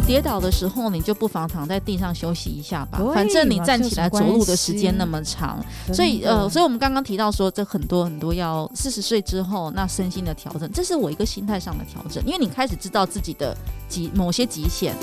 跌倒的時候，你就不妨躺在地上休息一下吧。對反正你站起來走路的時間那麼長，就是、麼所以的呃，所以我們剛剛提到說，這很多很多要四十歲之後那身心的調整，這是我一個心態上的調整，因為你開始知道自己的極某些極限。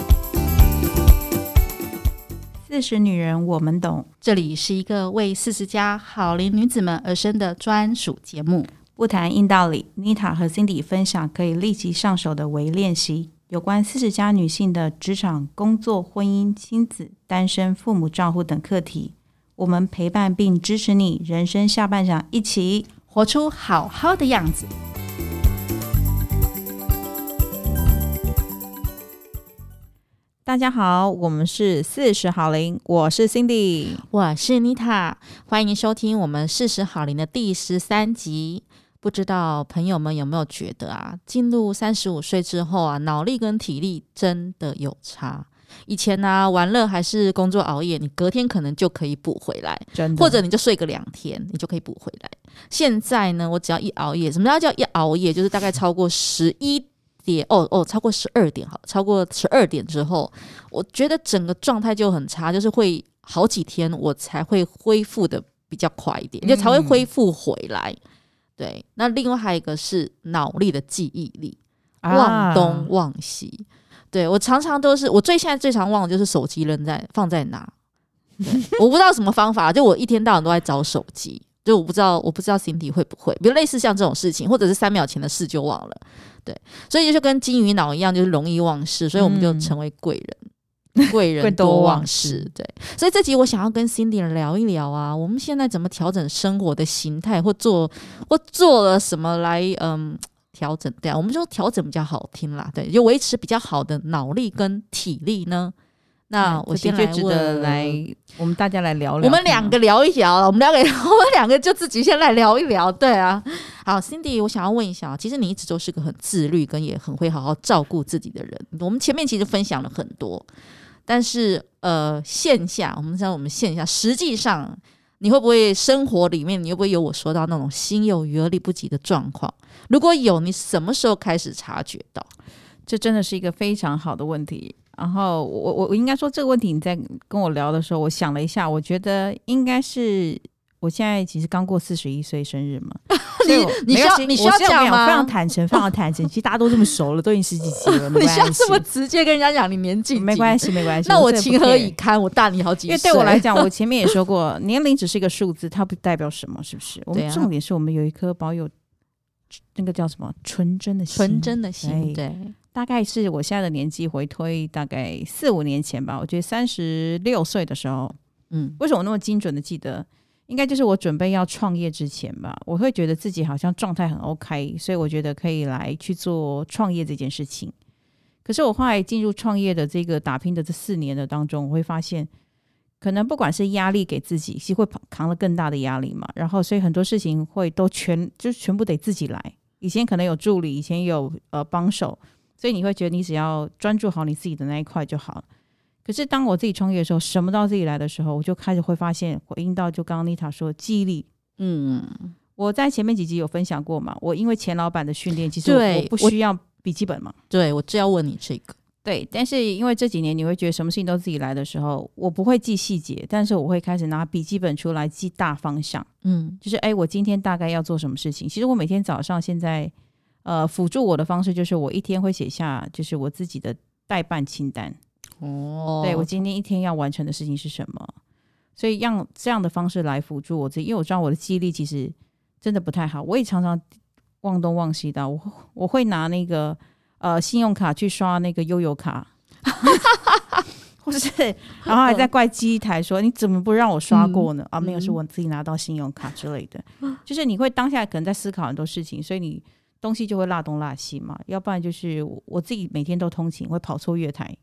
四十女人我們懂，這裡是一個為四十加好齡女子們而生的專屬節目。不談硬道理，妮塔和 Cindy 分享可以立即上手的微練習。有關四十加女性的職場、工作、婚姻、親子、單身、父母、照護等課題，我們陪伴並支持你人生下半場，一起活出好好的樣子。大家好，我們是四十好齡，我是 Cindy，我是 Nita，歡迎收聽我們四十好齡的第十三集。不知道朋友們有沒有覺得啊，進入三十五歲之後啊，腦力跟體力真的有差。以前呢、啊，玩樂還是工作熬夜，你隔天可能就可以補回來，真的。或者你就睡個兩天，你就可以補回來。現在呢，我只要一熬夜，什麼叫一熬夜？就是大概超過十一點，哦哦，超過十二點，好，超過十二點之後，我覺得整個狀態就很差，就是會好幾天，我才會恢復得比較快一點，就才會恢復回來。嗯對，那另外還有一個是腦力的記憶力，忘東忘西。啊、對，我常常都是我最現在最常忘的就是手機扔在放在哪，我不知道什麼方法， 就我一天到晚都在找手機，就我不知道我不知道心蒂會不會，比如類似像這種事情，或者是三秒前的事就忘了，對，所以就跟金魚腦一樣，就是容易忘事，所以我們就成為貴人。嗯貴人多忘事，對，所以這集我想要跟 Cindy 聊一聊啊，我們現在怎麼調整生活的型態，或做或做了什麼來嗯調整對啊，我們就調整比較好聽啦，對，就維持比較好的腦力跟體力呢。那我先來覺得來，我們大家來聊聊，我們兩個聊一聊，我們兩個我們兩個就自己先來聊一聊，對啊。好，Cindy，我想要問一下，其實你一直都是個很自律跟也很會好好照顧自己的人，我們前面其實分享了很多。但是，呃，線下，我們在我們線下，實際上，你會不會生活裡面，你會不會有我說到那種心有餘而力不及的狀況？如果有，你什麼時候開始察覺到？這真的是一個非常好的問題。然後我，我我我應該說這個問題你在跟我聊的時候，我想了一下，我覺得應該是。我現在其實剛過四十一歲生日嘛，你你需要你需要講嗎？非常坦誠，非常坦誠。其實大家都這麼熟了，都已經十幾集了，沒關係。你需要這麼直接跟人家講你年紀？沒關係，沒關係。那我情何以堪？我大你好幾歲。因為對我來講，我前面也說過，年齡只是一個數字，它不代表什麼，是不是？我們重點是我們有一顆保有那個叫什麼純真的心。純真的心。對，大概是我現在的年紀回推大概四五年前吧，我覺得三十六歲的時候，嗯，為什麼我那麼精準的記得？應該就是我準備要創業之前吧，我會覺得自己好像狀態很 OK，所以我覺得可以來去做創業這件事情。可是我後來進入創業的這個打拼的這四年的當中，我會發現，可能不管是壓力給自己，是會扛了更大的壓力嘛，然後所以很多事情會都全就是全部得自己來。以前可能有助理，以前也有呃幫手，所以你會覺得你只要專注好你自己的那一塊就好了。可是當我自己創業的時候，什麼都自己來的時候，我就開始會發現，我應到就剛剛妮塔說記憶力，嗯，我在前面幾集有分享過嘛，我因為前老板的訓練，其實我不需要筆記本嘛，對，我只要問你這個，對，但是因為這幾年你會覺得什麼事情都自己來的時候，我不會記細節，但是我會開始拿筆記本出來記大方向，嗯，就是哎、欸，我今天大概要做什麼事情？其實我每天早上現在，呃，輔助我的方式就是我一天會寫下就是我自己的待辦清單。哦，oh. 對我今天一天要完成的事情是什麼？所以讓這樣的方式來輔助我自己，因為我知道我的記憶力其實真的不太好，我也常常忘東忘西的。我我會拿那個呃信用卡去刷那個悠遊卡，或 是然後還在怪機台說，你怎麼不讓我刷過呢？嗯、啊，沒有，是我自己拿到信用卡之類的。嗯、就是你會當下可能在思考很多事情，所以你東西就會落東落西嘛。要不然就是我自己每天都通勤會跑錯月台。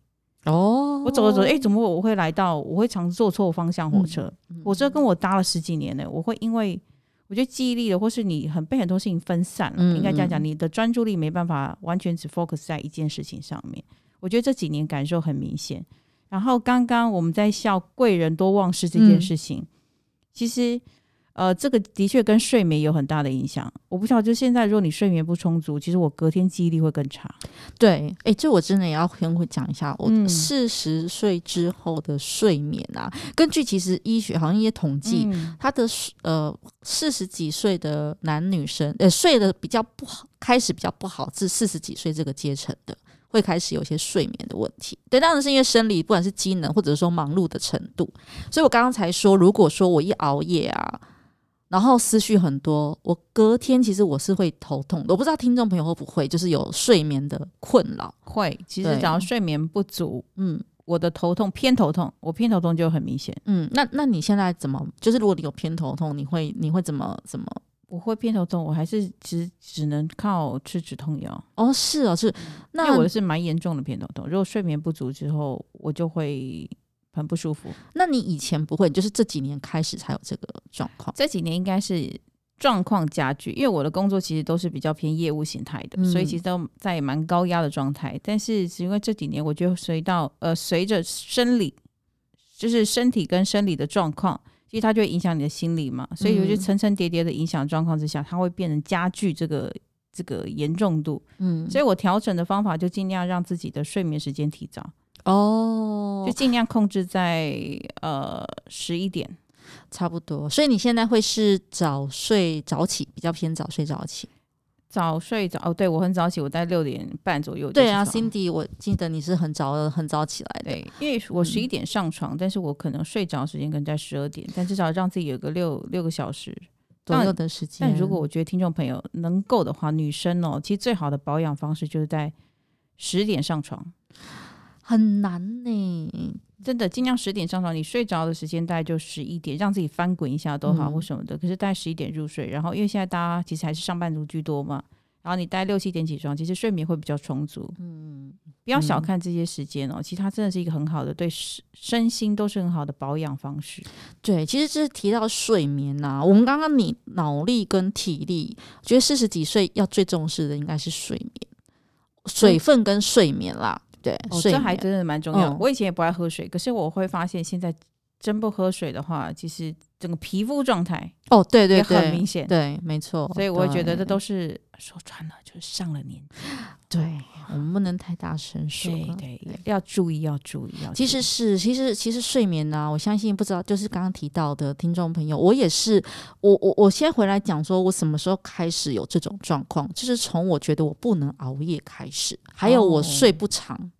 哦，oh，我走着走，誒、欸，怎麼我會來到？我會常坐錯方向火車，火車、嗯嗯、跟我搭了十幾年呢。我會因為我覺得記憶力的，或是你很被很多事情分散了，嗯、應該這樣講，你的專注力沒辦法完全只 focus 在一件事情上面。嗯、我覺得這幾年感受很明顯。然後剛剛我們在笑“貴人多忘事”這件事情，嗯、其實。呃，這個的確跟睡眠有很大的影響。我不知道，就現在，如果你睡眠不充足，其實我隔天記憶力會更差。對，誒、欸，這我真的也要跟會講一下。我四十歲之後的睡眠啊，嗯、根據其實醫學好像也統計，他、嗯、的呃，四十幾歲的男女生，呃，睡得比較不好，開始比較不好，至四十幾歲這個階層的，會開始有些睡眠的問題。對，當然，是因為生理，不管是機能，或者說忙碌的程度。所以我剛剛才說，如果說我一熬夜啊。然後思緒很多，我隔天其實我是會頭痛的，我不知道聽眾朋友會不會就是有睡眠的困擾。會，其實只要睡眠不足，嗯，我的頭痛偏頭痛，我偏頭痛就很明顯。嗯，那那你現在怎麼？就是如果你有偏頭痛，你會你會怎麼怎麼？我會偏頭痛，我還是只只能靠吃止痛藥。哦，是哦，啊，是。那因為我是蠻嚴重的偏頭痛，如果睡眠不足之後，我就會。很不舒服。那你以前不會，就是這幾年開始才有這個狀況？這幾年應該是狀況加劇，因為我的工作其實都是比較偏業務形態的，嗯、所以其實都在蠻高壓的狀態。但是是因為這幾年，我就隨到呃隨着生理，就是身體跟生理的狀況，其實它就會影響你的心理嘛。所以有些層層疊疊的影響狀況之下，嗯、它會變成加劇這個這個嚴重度。嗯，所以我調整的方法就盡量讓自己的睡眠時間提早。哦，oh, 就盡量控制在呃十一點，差不多。所以你現在會是早睡早起，比較偏早睡早起。早睡早哦對，對我很早起，我在六點半左右。對啊，Cindy，我記得你是很早很早起來的，對，因為我十一點上床，嗯，但是我可能睡着時間可能在十二點，但至少讓自己有個六六個小時左右的時間。但，但如果我覺得聽眾朋友能夠的話，女生哦，其實最好的保養方式就是在十點上床。很難呢。欸，真的，盡量十點上床，你睡着的時間大概就十一點，讓自己翻滾一下都好，嗯、或什麼的。可是大概十一點入睡，然後因為現在大家其實還是上班族居多嘛，然後你待六七點起床，其實睡眠會比較充足。嗯，不要小看這些時間哦，喔、嗯、其實它真的是一個很好的，對身心都是很好的保養方式。對，其實這是提到睡眠吶，啊，我們剛剛你腦力跟體力，覺得四十幾歲要最重視的應該是睡眠，水分跟睡眠啦。嗯對，哦，睡眠這還真的蠻重要。嗯，我以前也不愛喝水，可是我會發現現在。真不喝水的話，其實整個皮膚狀態哦，對對很明顯，對，沒錯。所以我也覺得這都是對對對，說穿了，就是上了年紀。對我們不能太大聲說，對對對，要注意，要注意。要注意其實是，其實其實睡眠呢、啊，我相信不知道，就是剛剛提到的聽眾朋友，我也是，我我我先回來講，說我什麼時候開始有這種狀況，就是從我覺得我不能熬夜開始，還有我睡不長。哦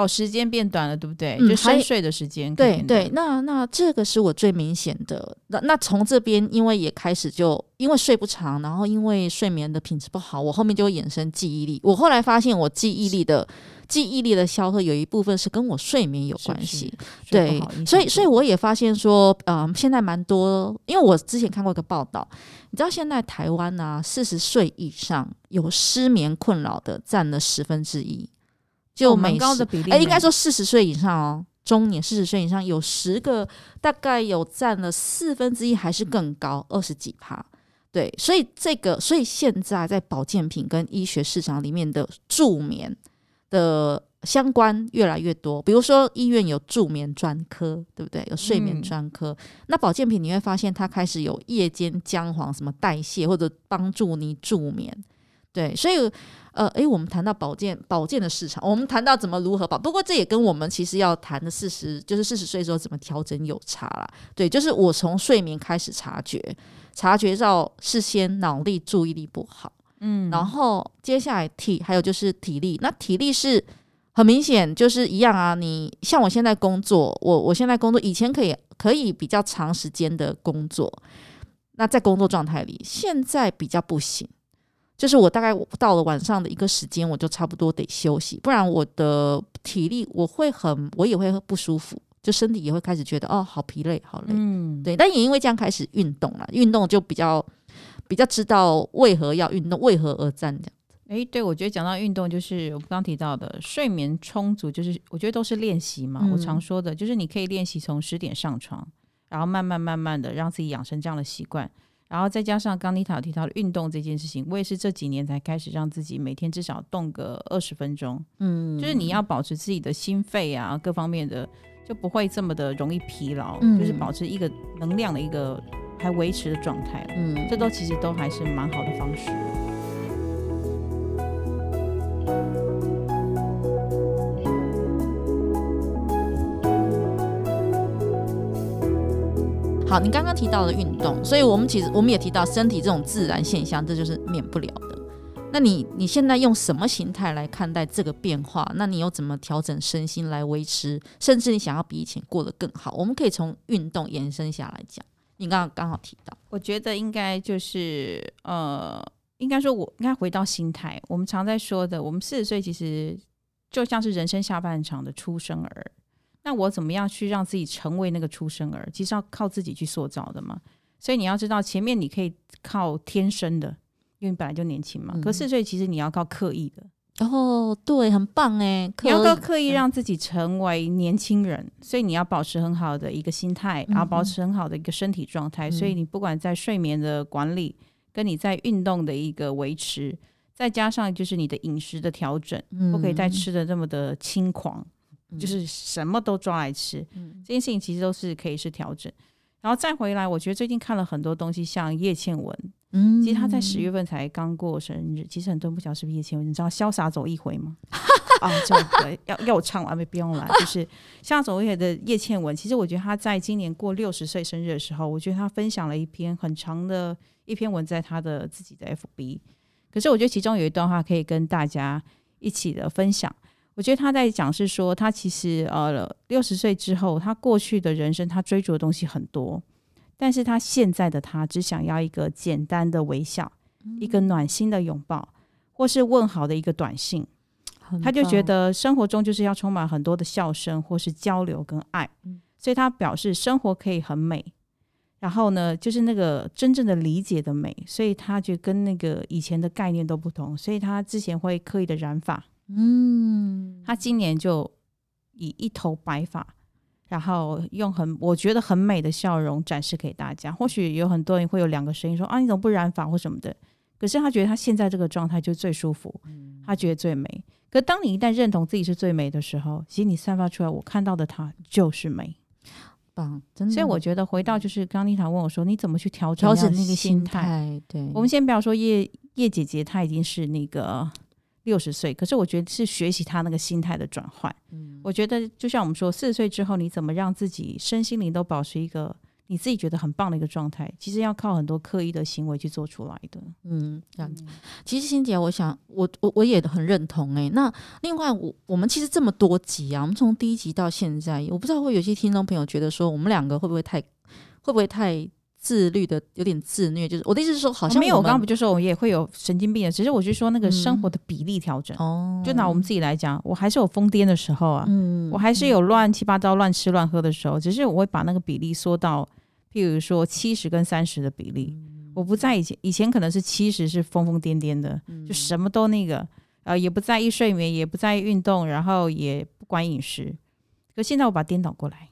哦、時間變短了，對不對？就深睡的時間。對對，對，那那這個是我最明顯的。那那從這邊，因為也開始就因為睡不長，然後因為睡眠的品質不好，我後面就衍生記憶力。我後來發現，我記憶力的是記憶力的消退有一部分是跟我睡眠有關係。是是對，所以所以我也發現說，嗯、呃，現在蠻多，因為我之前看過一個報道，你知道現在台灣啊，四十歲以上有失眠困擾的占了十分之一。就蠻高、oh、的比例，欸、應該說四十歲以上哦、喔，中年四十歲以上有十個，大概有占了四分之一，還是更高，二十幾趴。對，所以這個，所以現在在保健品跟醫學市場裡面的助眠的相關越來越多。比如說醫院有助眠專科，對不對？有睡眠專科。嗯、那保健品你會發現，它開始有夜間薑黃什麼代謝，或者幫助你助眠。對，所以，呃，誒、欸，我們談到保健保健的市場，我們談到怎麼如何保，不過這也跟我們其實要談的四十就是四十歲時候怎麼調整有差啦。對，就是我從睡眠開始察覺，察覺到事先腦力注意力不好，嗯，然後接下來體還有就是體力，那體力是很明顯就是一樣啊。你像我現在工作，我我現在工作以前可以可以比較長時間的工作，那在工作狀態裡現在比較不行。就是我大概到了晚上的一個時間，我就差不多得休息，不然我的體力我會很，我也會很不舒服，就身體也會開始覺得哦，好疲累，好累。嗯，對。但也因為這樣開始運動了，運動就比較比較知道為何要運動，為何而戰這樣子。欸、對，我覺得講到運動，就是我剛剛提到的睡眠充足，就是我覺得都是練習嘛。嗯、我常說的就是你可以練習從十點上床，然後慢慢慢慢的讓自己養成這樣的習慣。然後再加上剛妮塔提到的運動這件事情，我也是這幾年才開始讓自己每天至少動個二十分鐘。嗯，就是你要保持自己的心肺啊，各方面的就不會這麼的容易疲勞，嗯，就是保持一個能量的一個還維持的狀態了。嗯，這都其實都還是蠻好的方式。好，你剛剛提到了運動，所以我們其實我們也提到身體這種自然現象，這就是免不了的。那你你現在用什麼心態來看待這個變化？那你又怎麼調整身心來維持，甚至你想要比以前過得更好？我們可以從運動延伸下來講。你剛剛剛好提到，我覺得應該就是呃，應該說我應該回到心態。我們常在說的，我們四十歲其實就像是人生下半場的出生兒，那我怎麼樣去讓自己成為那個出生兒？其實要靠自己去塑造的嘛。所以你要知道，前面你可以靠天生的，因為本來就年輕嘛。嗯、可是，所以其實你要靠刻意的。然後、哦，對，很棒誒，你要靠刻意讓自己成為年輕人。嗯、所以你要保持很好的一個心態，然後、嗯、哼保持很好的一個身體狀態。嗯、哼所以你不管在睡眠的管理，跟你在運動的一個維持，嗯、再加上就是你的飲食的調整，不可以再吃得那麼的輕狂。就是什麼都抓來吃，這件事情其實都是可以是調整，然後再回來。我覺得最近看了很多東西，像葉倩文，嗯，其實他在十月份才剛過生日。其實很多人不曉得是不是葉倩文，你知道《瀟灑走一回》嗎？啊，走一回。要要我唱嗎？沒不用來。就是像走一回的葉倩文，其實我覺得他在今年過六十歲生日的時候，我覺得他分享了一篇很長的一篇文在他的自己的 FB。可是我覺得其中有一段話可以跟大家一起的分享。我覺得他在講是說，他其實呃六十歲之後，他過去的人生他追逐的東西很多，但是他現在的他只想要一個簡單的微笑，嗯、一個暖心的擁抱，或是問好的一個短信。很棒。他就覺得生活中就是要充滿很多的笑聲，或是交流跟愛。嗯、所以他表示生活可以很美，然後呢，就是那個真正的理解的美。所以他就跟那個以前的概念都不同。所以他之前會刻意的染髮。嗯，他今年就以一頭白髮，然後用很我覺得很美的笑容展示給大家。或許有很多人會有兩個聲音說：“啊，你怎麼不染髮或什麼的？”可是他覺得他現在這個狀態就最舒服，嗯、他覺得最美。可當你一旦認同自己是最美的時候，其實你散發出來，我看到的他就是美，棒！真的。所以我覺得回到就是剛剛妮塔問我說：“你怎麼去調整那個心態？”對，我們先不要說葉葉姐姐，她已經是那個。六十歲，可是我覺得是學習他那個心態的轉換。嗯，我覺得就像我們說，四十歲之後，你怎麼讓自己身心靈都保持一個你自己覺得很棒的一個狀態，其實要靠很多刻意的行為去做出來的。嗯，這樣子。其實心姐，我想，我我我也很認同誒、欸，那另外，我我們其實這麼多集啊，我們從第一集到現在，我不知道會有些聽眾朋友覺得說，我們兩個會不會太，會不會太？自律的有點自虐，就是我的意思是說，好像沒有。我剛剛不就說我們也會有神經病的，只是我是說那個生活的比例調整。嗯、哦，就拿我們自己來講，我還是有瘋癲的時候啊，嗯、我還是有亂七八糟、亂吃亂喝的時候，只是我會把那個比例縮到，譬如說七十跟三十的比例。嗯、我不在以前，以前可能是七十是瘋瘋癲癲的，嗯、就什麼都那個，呃，也不在意睡眠，也不在意運動，然後也不管飲食。可現在我把它顛倒過來。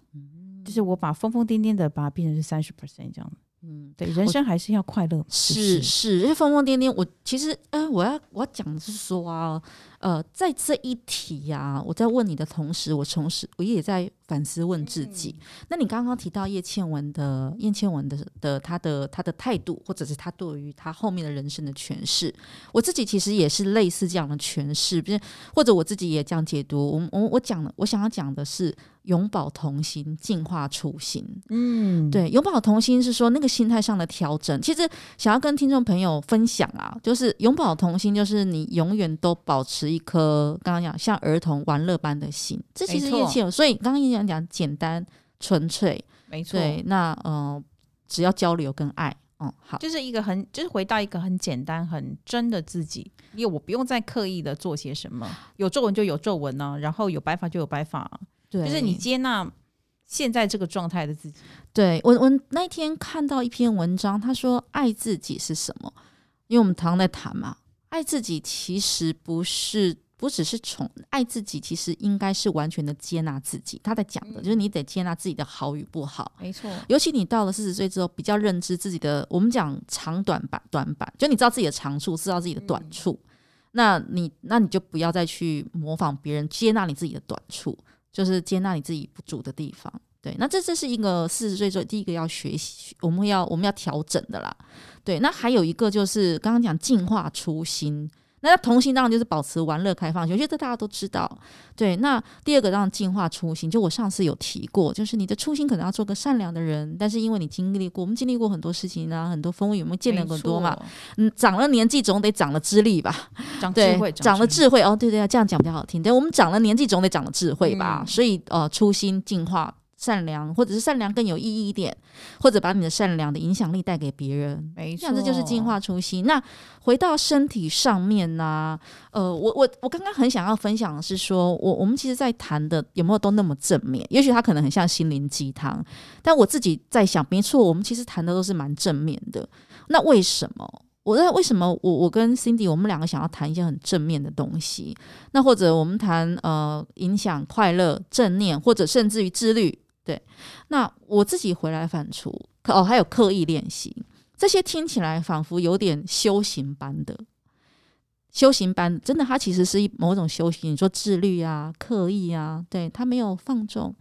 就是我把瘋瘋癲癲的把它變成是三十 percent 這樣，嗯，對，人生還是要快樂。是是，因為瘋瘋癲癲，我其實，嗯、呃，我要我要講的是說啊，呃，在這一題呀、啊，我在問你的同時，我同時我也在反思問自己。嗯、那你剛剛提到葉倩文的葉倩文的的他的他的態度，或者是他對於他後面的人生的詮釋，我自己其實也是類似這樣的詮釋，不是？或者我自己也這樣解讀。我我我講的，我想要講的是。永葆童心，淨化初心。嗯，對，永葆童心是說那個心態上的調整。其實想要跟聽眾朋友分享啊，就是永葆童心，就是你永遠都保持一顆剛剛講像兒童玩樂般的心。這其實一切、就是。錯所以剛剛也講講簡單純粹，沒錯錯。對，那嗯、呃，只要交流跟愛，嗯，好，就是一個很就是回到一個很簡單很真的自己，因為我不用再刻意的做些什麼，有皺紋就有皺紋呢，然後有白髮就有白髮、啊。對，就是你接納現在這個狀態的自己。對我，我那天看到一篇文章，他說：“愛自己是什麼？”因為我們常常在談嘛，愛自己其實不是，不只是寵。愛自己其實應該是完全的接納自己。他在講的、嗯、就是你得接納自己的好與不好。沒錯，尤其你到了四十歲之後，比較認知自己的，我們講長短板短板，就你知道自己的長處，知道自己的短處，嗯、那你那你就不要再去模仿別人，接納你自己的短處。就是接納你自己不足的地方，對，那這這是一個四十歲之後，第一個要學習，我們要我們要調整的啦，對，那還有一個就是剛剛講進化初心。那童心當然就是保持玩樂、開放性，我覺得大家都知道。對，那第二個讓進化初心，就我上次有提過，就是你的初心可能要做個善良的人，但是因為你經歷過，我們經歷過很多事情啊，很多風雨，我們見得很多嘛。嗯、哦，長了年紀總得長了智力吧？對長智慧，長了智慧哦，對對、啊、這樣講比較好聽。對，我們長了年紀總得長了智慧吧？嗯、所以呃，初心進化。善良，或者是善良更有意義一點，或者把你的善良的影響力帶給別人，沒錯，這樣這就是進化初心。那回到身體上面呢？呃，我我我剛剛很想要分享的是說，我我們其實在談的有沒有都那麼正面？也許他可能很像心靈雞湯，但我自己在想，沒錯，我們其實談的都是蠻正面的。那為什麼？我在為什麼我我跟 Cindy 我們兩個想要談一些很正面的東西？那或者我們談呃影響快樂、正念，或者甚至於自律。對，那我自己回來反芻，哦，還有刻意練習，這些聽起來仿佛有點修行般的修行般，真的，它其實是一某種修行。你說自律啊，刻意啊，對，它沒有放縱。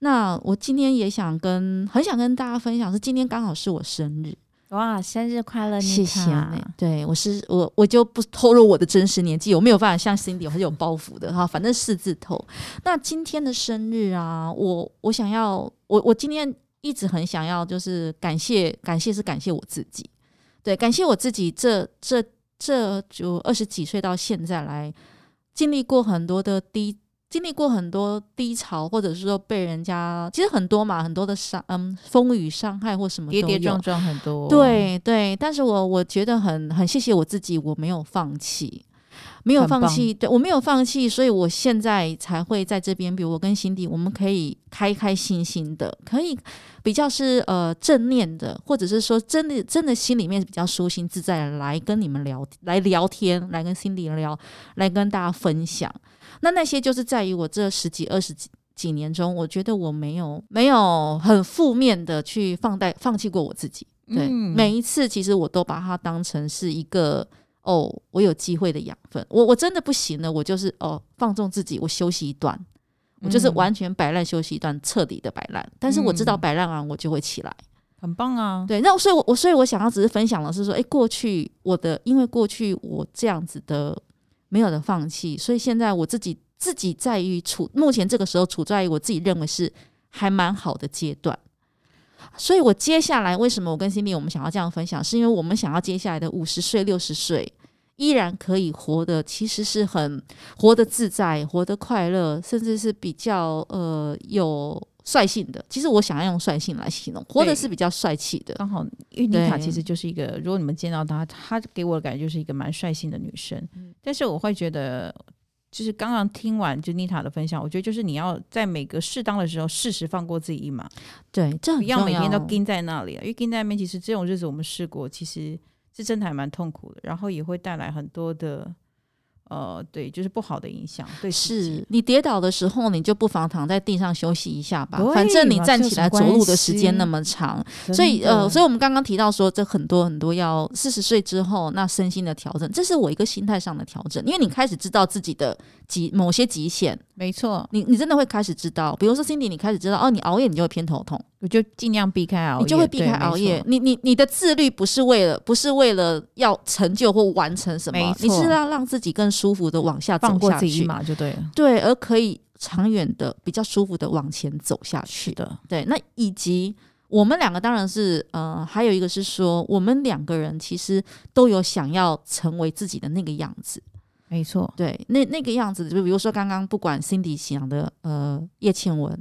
那我今天也想跟很想跟大家分享，是今天剛好是我生日。哇！生日快樂，你謝謝啊！對我是，我我就不透露我的真實年紀，我沒有辦法像 Cindy，我是有包袱的哈。反正四字頭。那今天的生日啊，我我想要，我我今天一直很想要，就是感謝，感謝是感謝我自己，對，感謝我自己這，這這這就二十幾歲到現在來經歷過很多的低。經歷過很多低潮，或者是說被人家，其實很多嘛，很多的傷，嗯，風雨傷害或什麼都有，跌跌撞撞很多，對對。但是我我覺得很很謝謝我自己，我沒有放棄。沒有放棄，很棒。對我沒有放棄，所以我現在才會在這邊。比如我跟心蒂，我們可以開開心心的，可以比較是呃正念的，或者是說真的真的心裡面比較舒心自在的，來跟你們聊，來聊天，來跟心蒂聊，來跟大家分享。那那些就是在於我這十幾二十幾幾年中，我覺得我沒有沒有很負面的去放貸放棄過我自己。對，嗯，每一次其實我都把它當成是一個。哦，我有機會的養分，我我真的不行了，我就是哦放縱自己，我休息一段，嗯、我就是完全擺爛休息一段，徹底的擺爛。但是我知道擺爛啊，嗯、我就會起來，很棒啊。對，那所以我我所以我想要只是分享的是說，哎、欸，過去我的因為過去我這樣子的沒有的放棄，所以現在我自己自己在於處目前這個時候處在於我自己認為是還蠻好的階段。所以，我接下來為什麼我跟心蒂我們想要這樣分享，是因為我們想要接下來的五十歲、六十歲，依然可以活的，其實是很活得自在、活得快樂，甚至是比較呃有率性的。其實我想要用率性來形容，活的是比較帥氣的。剛好，因為妮塔其實就是一個，對如果你們見到她，她給我的感覺就是一個蠻率性的女生。嗯、但是我會覺得。就是剛剛聽完就妮塔的分享，我覺得就是你要在每個適當的時候適時放過自己一馬。對，這樣，要每天都跟在那裡，因為跟在那邊，其實這種日子我們試過，其實是真的還蠻痛苦的，然後也會帶來很多的。呃，對，就是不好的影響。對，是你跌倒的時候，你就不妨躺在地上休息一下吧。對嘛，反正你站起來走路的時間那麼長，所以呃，所以我們剛剛提到說，這很多很多要四十歲之後，那身心的調整，這是我一個心態上的調整。因為你開始知道自己的極某些極限，沒錯，你你真的會開始知道，比如說心蒂，你開始知道哦，你熬夜你就會偏頭痛。我就盡量避開熬夜，你就會避開熬夜。你你你的自律不是為了，不是為了要成就或完成什麼，錯你是要讓自己更舒服的往下走下去嘛，放過自己一馬，就對了，對，而可以長遠的比較舒服的往前走下去的。對，那以及我們兩個當然是嗯、呃，還有一個是說我們兩個人其實都有想要成為自己的那個樣子，沒錯錯。對，那那個樣子就比如說剛剛不管 Cindy 想的呃葉倩文。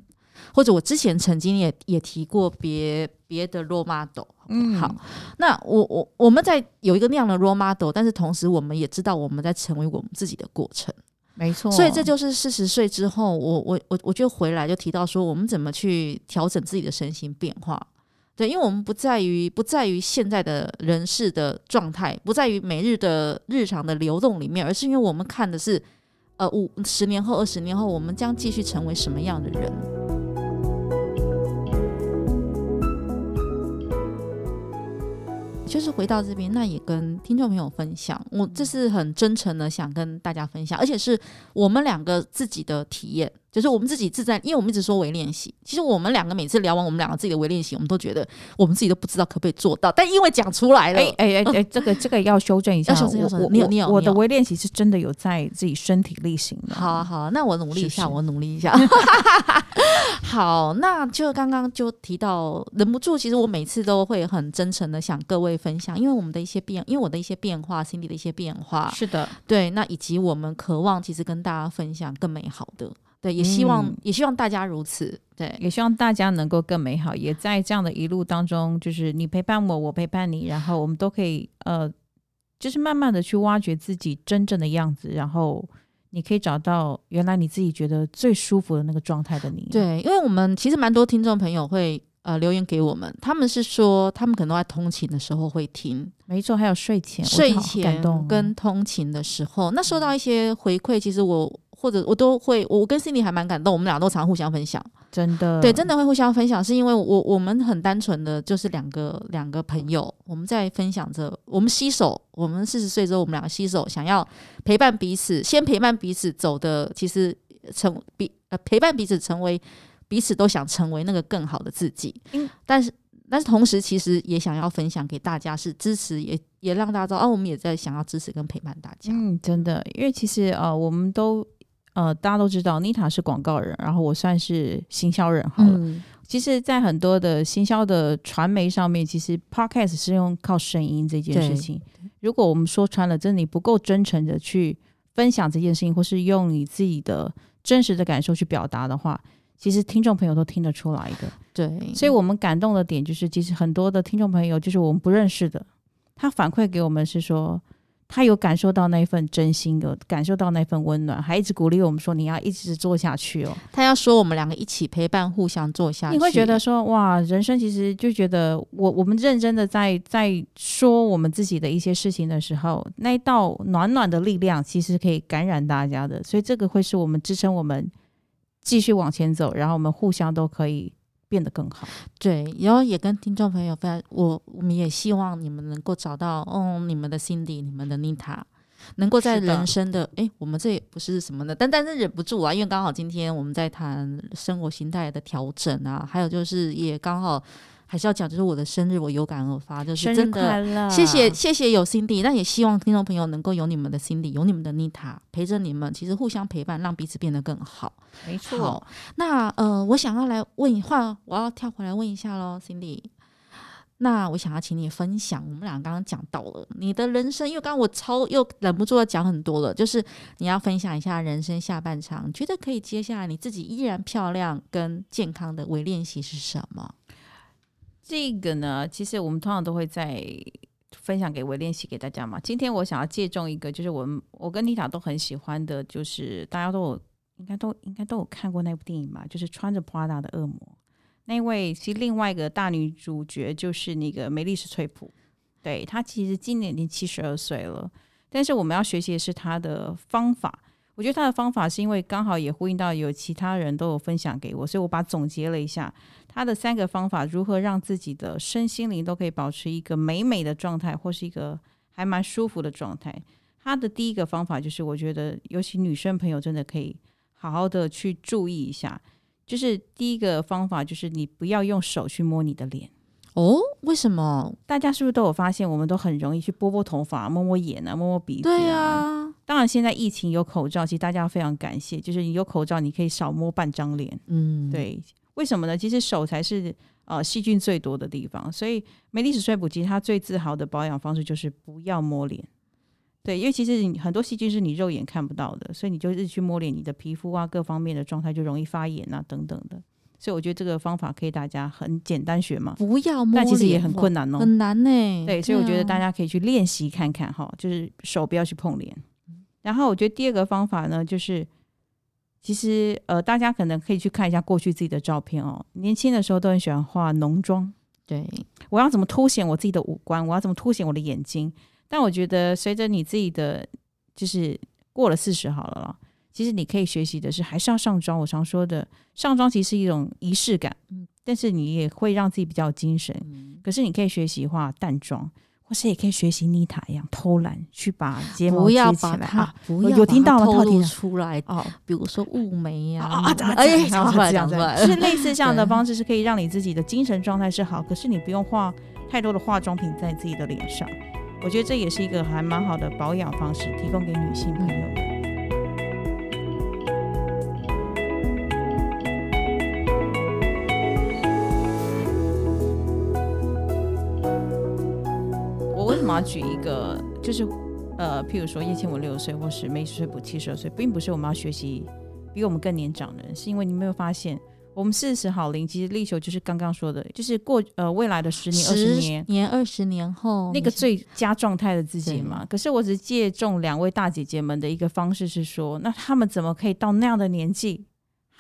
或者我之前曾經也也提過別別的 role model，okay，嗯，好，那我我我們在有一個那樣的 role model，但是同時我們也知道我們在成為我們自己的過程，沒錯。所以這就是四十歲之後，我我我我就回來就提到說，我們怎麼去調整自己的身心變化？對，因為我們不在於不在於現在的人事的狀態，不在於每日的日常的流動裡面，而是因為我們看的是，呃，十年後、二十年後，我們將繼續成為什麼樣的人。就是回到這邊，那也跟聽眾朋友分享。我這是很真誠的想跟大家分享，而且是我們兩個自己的體驗。就是我們自己自在，因為我們一直說微練習。其實我們兩個每次聊完，我們兩個自己的微練習，我們都覺得我們自己都不知道可不可以做到。但因為講出來了，哎哎哎，這個這個要修正一下。 要修正一下我我，你有你有我的微練習是真的有在自己身體力行的。好啊好，那我努力一下，是是我努力一下。 好，那就剛剛就提到 忍不住，其實我每次都會很真誠的向各位分享，因為我們的一些變，因為我的一些變化，心裡的一些變化，是的，對。那以及我們渴望，其實跟大家分享更美好的。對，也希望、嗯、也希望大家如此。對，也希望大家能夠更美好。也在這樣的一路當中，就是你陪伴我，我陪伴你，然後我們都可以呃，就是慢慢的去挖掘自己真正的樣子，然後你可以找到原來你自己覺得最舒服的那個狀態的你。對，因為我們其實蠻多聽眾朋友會呃留言給我們，他們是說他們可能都在通勤的時候會聽，沒錯，還有睡前、睡前好好感動跟通勤的時候。那收到一些回饋，其實我。或者我都會，我跟心蒂還蠻感動，我們倆都常互相分享，真的，對，真的會互相分享，是因為我我們很單純的就是兩個兩個朋友，我們在分享着，我們攜手，我們四十歲之後，我們兩個攜手，想要陪伴彼此，先陪伴彼此走的，其實成比呃陪伴彼此成為彼此都想成為那個更好的自己，嗯，但是但是同時其實也想要分享給大家是支持，也也讓大家知道啊，我們也在想要支持跟陪伴大家，嗯，真的，因為其實啊、呃，我們都。呃，大家都知道，Nita 是廣告人，然後我算是行銷人好了。嗯、其實，在很多的行銷的傳媒上面，其實 Podcast 是用靠聲音這件事情。對對，如果我們說穿了，真的你不夠真誠的去分享這件事情，或是用你自己的真實的感受去表達的話，其實聽眾朋友都聽得出來的。對，所以我們感動的點就是，其實很多的聽眾朋友就是我們不認識的，他反饋給我們是說。他有感受到那份真心的，感受到那份溫暖，還一直鼓勵我們說你要一直做下去哦。他要說我們兩個一起陪伴，互相做下去。你會覺得說哇，人生其實就覺得我我們認真的在在說我們自己的一些事情的時候，那一道暖暖的力量其實可以感染大家的，所以這個會是我們支撐我們繼續往前走，然後我們互相都可以。變得更好，對，然後也跟聽眾朋友分享，我我們也希望你們能夠找到，哦、嗯，你們的心蒂，你們的妮塔能夠在人生的，哎的、欸，我們這也不是什麼的，但但是忍不住啊，因為剛好今天我們在談生活型態的調整啊，還有就是也剛好。還是要講，就是我的生日，我有感而發，就是真的，謝謝謝謝有 Cindy，但也希望聽眾朋友能夠有你們的 Cindy，有你們的 Nita 陪着你們，其實互相陪伴，讓彼此變得更好。沒錯，那呃，我想要來問你話，我要跳回來問一下嘍，Cindy。那我想要請你分享，我們倆剛剛講到了你的人生，因為剛剛我超又忍不住要講很多了，就是你要分享一下人生下半場，你覺得可以接下來你自己依然漂亮跟健康的微練習是什麼？這個呢，其實我們通常都會在分享給微練習給大家嘛。今天我想要借重一個，就是我們我跟妮塔都很喜歡的，就是大家都有應該都應該都有看過那部電影吧，就是穿着普拉達的惡魔。那位其實另外一個大女主角就是那個梅麗史翠普，對，她其實今年已經七十二歲了，但是我們要學習的是她的方法。我覺得他的方法是因為剛好也呼應到有其他人都有分享給我，所以我把總結了一下他的三個方法，如何讓自己的身心靈都可以保持一個美美的狀態或是一個還蠻舒服的狀態。他的第一個方法就是，我覺得尤其女生朋友真的可以好好的去注意一下，就是第一個方法就是你不要用手去摸你的臉。哦，為什麼大家是不是都有發現，我們都很容易去撥撥頭髮、啊、摸摸眼啊、摸摸鼻子、啊？對啊，當然現在疫情有口罩，其實大家要非常感謝，就是你有口罩，你可以少摸半張臉。嗯，對，為什麼呢？其實手才是呃細菌最多的地方，所以梅莉史翠普她最自豪的保養方式就是不要摸臉。對，因為其實你很多細菌是你肉眼看不到的，所以你就一直去摸臉，你的皮膚啊各方面的狀態就容易發炎啊等等的。所以我覺得這個方法可以大家很簡單學嘛，不要摸臉，但其實也很困難哦，很難呢、欸。對，對啊、所以我覺得大家可以去練習看看哈，就是手不要去碰臉。嗯、然後我覺得第二個方法呢，就是其實呃，大家可能可以去看一下過去自己的照片哦。年輕的時候都很喜歡化濃妝，對，我要怎麼凸顯我自己的五官？我要怎麼凸顯我的眼睛？但我覺得隨着你自己的就是過了四十，好了啦。其實你可以學習的是，還是要上妝。我常說的上妝其實是一種儀式感，但是你也會讓自己比較精神。可是你可以學習化淡妝，或是也可以學習妮塔一樣偷懶，去把睫毛貼起來啊！有聽到了？偷懶出來哦，比如說霧眉呀啊啊！講出來，講出來，是類似這樣的方式，是可以讓你自己的精神狀態是好。可是你不用化太多的化妝品在自己的臉上，我覺得這也是一個還蠻好的保養方式，提供給女性朋友們。舉一個，就是，呃，譬如說葉倩文六十歲，或是梅姨十歲補七十二歲，並不是我們要學習比我們更年長的人，是因為你沒有發現，我們四十好齡，其實力求就是剛剛說的，就是過呃未來的十年二十年年二十年，二十年後那個最佳狀態的自己嘛。可是我只借重兩位大姐姐們的一個方式是說，那他們怎麼可以到那樣的年紀？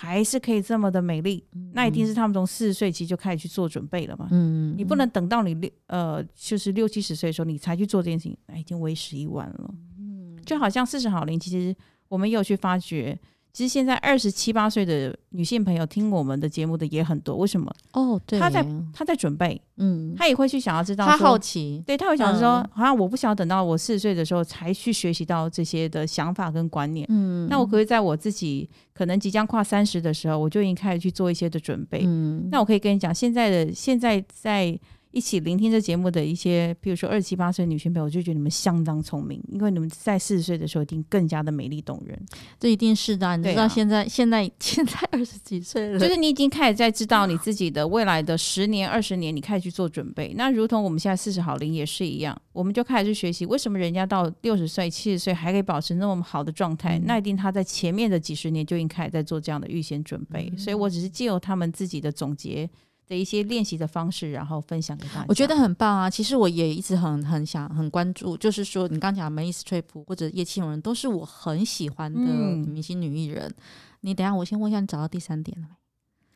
還是可以這麼的美麗，那一定是他們從四十歲起就開始去做準備了嘛？嗯，你不能等到你六呃，就是六七十歲的時候你才去做這件事情，那已經為時已晚了。嗯嗯，就好像四十好齡，其實我們也有去發掘。其實現在二十七八歲的女性朋友聽我們的節目的也很多，為什麼？哦，對啊、她在她在準備，嗯，她也會去想要知道，她好奇，對她會想說，嗯、好像我不想要等到我四十歲的時候才去學習到這些的想法跟觀念，嗯，那我可以在我自己可能即將跨三十的時候，我就已經開始去做一些的準備，嗯，那我可以跟你講，現在的現在在。一起聆聽這節目的一些，比如說二十七八歲的女性朋友，我就覺得你們相當聰明，因為你們在四十歲的時候一定更加的美麗動人。這一定是的，你知道現在、啊、現在現在二十幾歲了，就是你已經開始在知道你自己的未來的十年二十、嗯、年，你開始去做準備。那如同我們現在四十好齡也是一樣，我們就開始去學習為什麼人家到六十歲七十歲還可以保持那麼好的狀態，嗯、那一定他在前面的幾十年就已經開始在做這樣的預先準備。嗯、所以我只是借由他們自己的總結，的一些練習的方式，然後分享給大家，我覺得很棒啊！其實我也一直很很想很關注，就是說你剛剛講的梅莉史翠普或者葉倩文，都是我很喜歡的明星女藝人。嗯、你等下，我先問一下，你找到第三點了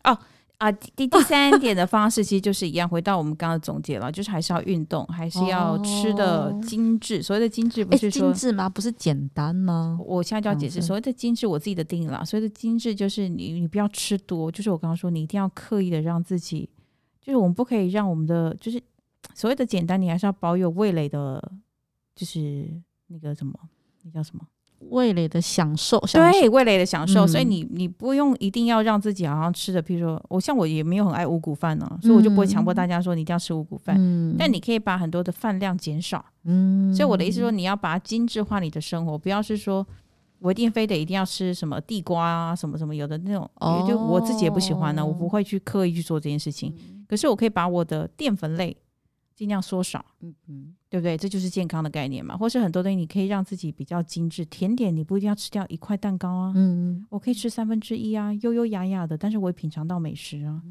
沒？哦。啊，第第三點的方式其實就是一樣， 回到我們剛剛的總結了，就是還是要運動，還是要吃的精致。哦、所謂的精致不是說、欸、精致嗎？不是簡單嗎？我現在就要解釋、嗯、所謂的精致，我自己的定義了。所謂的精致就是你，你不要吃多。就是我剛剛說，你一定要刻意的讓自己，就是我們不可以讓我們的，就是所謂的簡單，你還是要保有味蕾的，就是那個什麼，那叫什麼？味蕾的享受，享受對味蕾的享受，嗯、所以你你不用一定要讓自己好像吃的，譬如說我、哦、像我也沒有很愛五穀飯呢、啊，嗯、所以我就不會強迫大家說你一定要吃五穀飯，嗯、但你可以把很多的飯量減少，嗯，所以我的意思說你要把它精緻化你的生活，嗯、不要是說我一定非得一定要吃什麼地瓜啊什麼什麼，有的那種、哦、就我自己也不喜歡呢、啊，我不會去刻意去做這件事情，嗯、可是我可以把我的澱粉類。盡量縮少，嗯嗯，嗯對不對？這就是健康的概念嘛。或是很多東西，你可以讓自己比較精緻。甜點你不一定要吃掉一塊蛋糕啊，嗯我可以吃三分之一啊，優優雅雅的，但是我也品嘗到美食啊，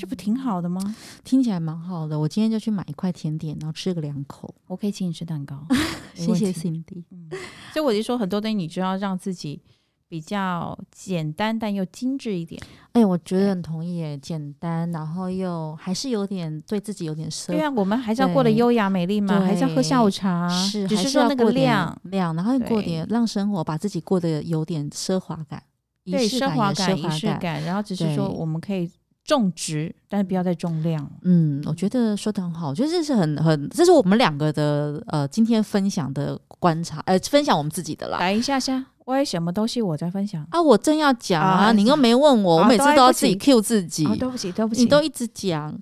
這、嗯、不挺好的嗎？聽起來蠻好的。我今天就去買一塊甜點，然後吃個兩口。我可以請你吃蛋糕， 謝謝 Cindy、嗯。所以我就說，很多東西你就要讓自己。比較簡單，但又精緻一點。哎、欸，我覺得很同意耶。對簡單，然後又還是有點對自己有點奢。對啊，我們還是要過得優雅美麗嘛，對還是要喝下午茶。是，只是說那個量量，然後過點讓生活把自己過得有點奢華感。對，奢華感，儀式感，儀式感，儀式感。然後只是說，我們可以重質，對但是不要再重量。嗯，我覺得說得很好，我覺得這是很很這是我們兩個的呃今天分享的觀察呃分享我們自己的啦。來一下下。為什麼都是我在分享啊？我正要講啊，啊你又沒問我，啊、我每次都要自己 cue 自己，啊。對不起，對不起，你都一直講， 啊、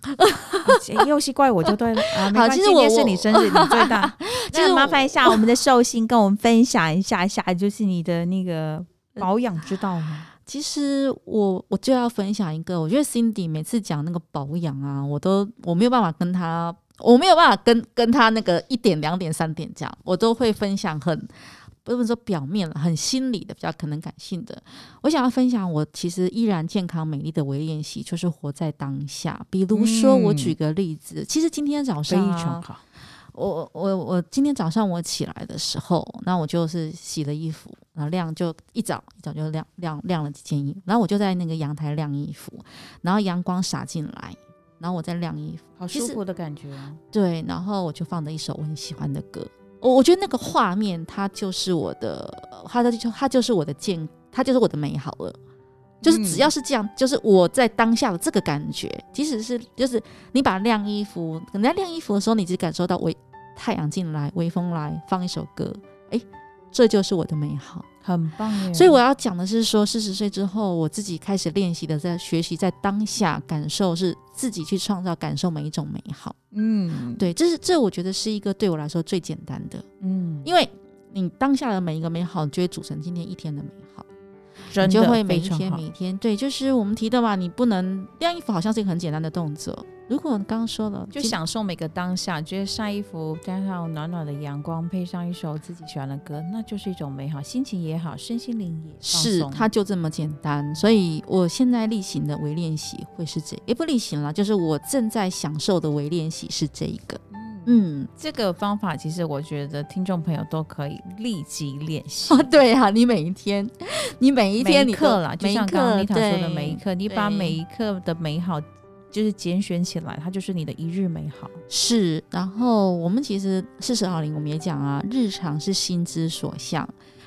其實又是怪我就對了啊。好，其實我今天是你生日，我你最大。啊、那麻煩一下我們的壽星，跟我們分享一下一下，我就是你的那個保養之道嘛，嗯。其實我我就要分享一個，我覺得 Cindy 每次講那個保養啊，我都我沒有辦法跟她，我沒有辦法跟她辦法跟她那個一點兩點三點講我都會分享很。不用說表面了，很心理的，比較可能感性的。我想要分享，我其實依然健康美麗的微練習，就是活在當下。比如說，我舉個例子，嗯、其實今天早上、啊非常好我，我我我今天早上我起來的時候，那我就是洗了衣服，然後晾就一早一早就晾晾晾了幾件衣服，然後我就在那個陽台晾衣服，然後陽光灑進來，然後我在晾衣服，好舒服的感覺。對，然後我就放着一首我很喜歡的歌。我我覺得那個畫面，它就是我的，它它就它就是我的健，它就是我的美好了。就是只要是這樣，嗯、就是我在當下的這個感覺，即使是就是你把晾衣服，可能在晾衣服的時候，你只感受到微太陽進來，微風來，放一首歌，哎、欸，這就是我的美好，很棒、嗯、所以我要講的是說，四十歲之後，我自己開始練習的，在學習在當下感受是，自己去創造、感受每一種美好。嗯，對，這是這我覺得是一個對我來說最簡單的。嗯，因為你當下的每一個美好，就會組成今天一天的美好，真的，你就會每一天每一天。對，就是我們提的嘛，你不能晾衣服，好像是一個很簡單的動作。如果剛剛說了，就享受每個當下，覺得曬衣服，加、嗯、上暖暖的陽光，配上一首自己喜歡的歌，那就是一種美好，心情也好，身心靈也是，它就這麼簡單。所以我現在例行的微練習會是這，也不例行了，就是我正在享受的微練習是這一個。嗯，嗯，這個方法其實我覺得聽眾朋友都可以立即練習。 對啊，你每一天，你每一天你刻啦，每一刻了，就像剛剛你想說的每一刻，對對你把每一刻的美好，就是揀選起來，它就是你的一日美好。是，然後我們其實四十好齡，我們也講啊，日常是心之所向。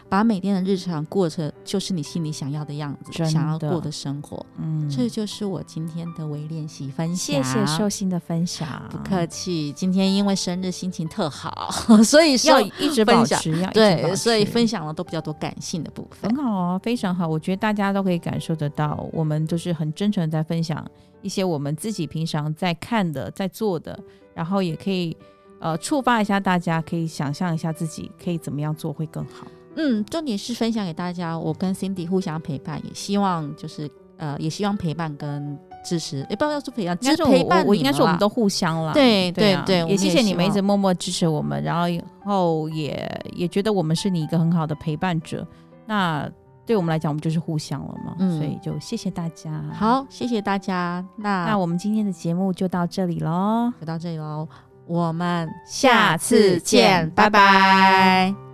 把每天的日常過成就是你心裡想要的樣子，真的，想要過的生活，嗯，這就是我今天的微練習分享。謝謝壽星的分享，不客氣。今天因為生日心情特好，所以說要一直保持，對，要一直保持，對，所以分享了都比較多感性的部分，很好啊，非常好。我覺得大家都可以感受得到，我們都是很真誠的在分享一些我們自己平常在看的、在做的，然後也可以呃觸發一下大家，可以想象一下自己可以怎麼樣做會更好。嗯，重點是分享給大家，我跟 Cindy 互相陪伴，也希望就是呃，也希望陪伴跟支持，也、欸、不知道是陪伴，應陪伴我，我應該是我們都互相了，對對，啊、對對對，也謝謝我也也希望你們一直默默支持我們，然後以後也也覺得我們是你一個很好的陪伴者，那對我們來講，我們就是互相了嘛，嗯、所以就謝謝大家，好，謝謝大家，那那我們今天的節目就到這裡嘍，就到這裡嘍，我們下次見，拜拜。拜拜。